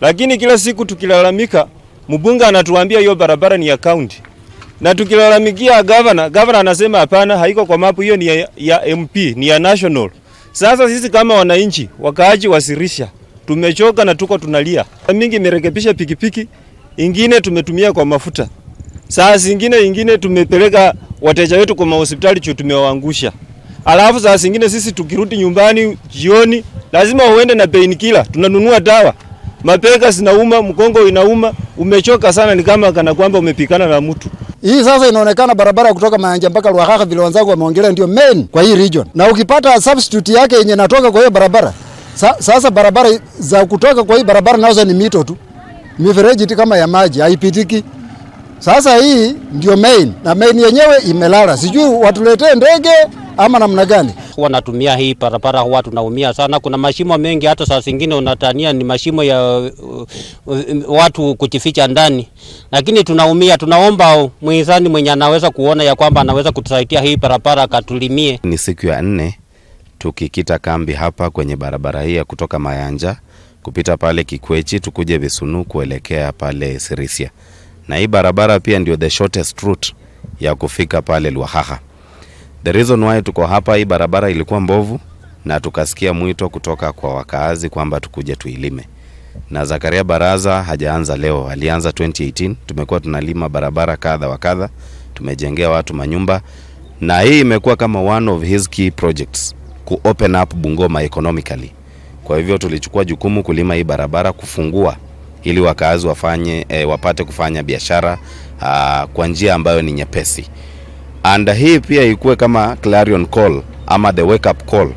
Lakini kila siku tukilalamika, mbunge anatuambia hiyo barabara ni ya kaunti, na tukilalamikia gavana, gavana anasema hapana, haiko kwa mapu, hiyo ni ya, ya MP ni ya national. Sasa sisi kama wananchi wakaaji wasirisha, tumechoka na tuko tunalia. Mingi imerekebisha pikipiki, ingine tumetumia kwa mafuta, saa zingine ingine tumepeleka wateja wetu kwa mahospitali chuo tumewaangusha, alafu saa zingine sisi tukirudi nyumbani jioni lazima uende na painkiller, tunanunua dawa mapeka zinauma, mgongo inauma, umechoka sana, ni kama kana kwamba umepikana na mtu. Hii sasa inaonekana barabara kutoka Mayanja mpaka Lwakhakha, vile wenzangu wameongelea, ndio main kwa hii region, na ukipata substitute yake yenye natoka kwa hiyo barabara sa, sasa barabara za kutoka kwa hii barabara nazo ni mito tu, mifereji kama ya maji haipitiki. Sasa hii ndio main na main yenyewe imelala, sijui watuletee ndege ama namna gani. Wanatumia hii barabara, huwa tunaumia sana. Kuna mashimo mengi, hata saa zingine unatania ni mashimo ya uh, uh, watu kujificha ndani, lakini tunaumia. Tunaomba mwizani mwenye anaweza kuona ya kwamba anaweza kutusaidia hii barabara akatulimie. Ni siku ya nne tukikita kambi hapa kwenye barabara hii ya kutoka Mayanja kupita pale Kikwechi tukuje Visunu kuelekea pale Sirisia na hii barabara pia ndio the shortest route ya kufika pale Lwahaha. The reason why tuko hapa, hii barabara ilikuwa mbovu na tukasikia mwito kutoka kwa wakaazi kwamba tukuje tuilime. Na Zakaria Baraza hajaanza leo, alianza 2018. Tumekuwa tunalima barabara kadha wa kadha, tumejengea watu manyumba, na hii imekuwa kama one of his key projects ku open up Bungoma economically. Kwa hivyo tulichukua jukumu kulima hii barabara, kufungua ili wakazi wafanye e, wapate kufanya biashara ah, kwa njia ambayo ni nyepesi and hii pia ikuwe kama clarion call ama the wake up call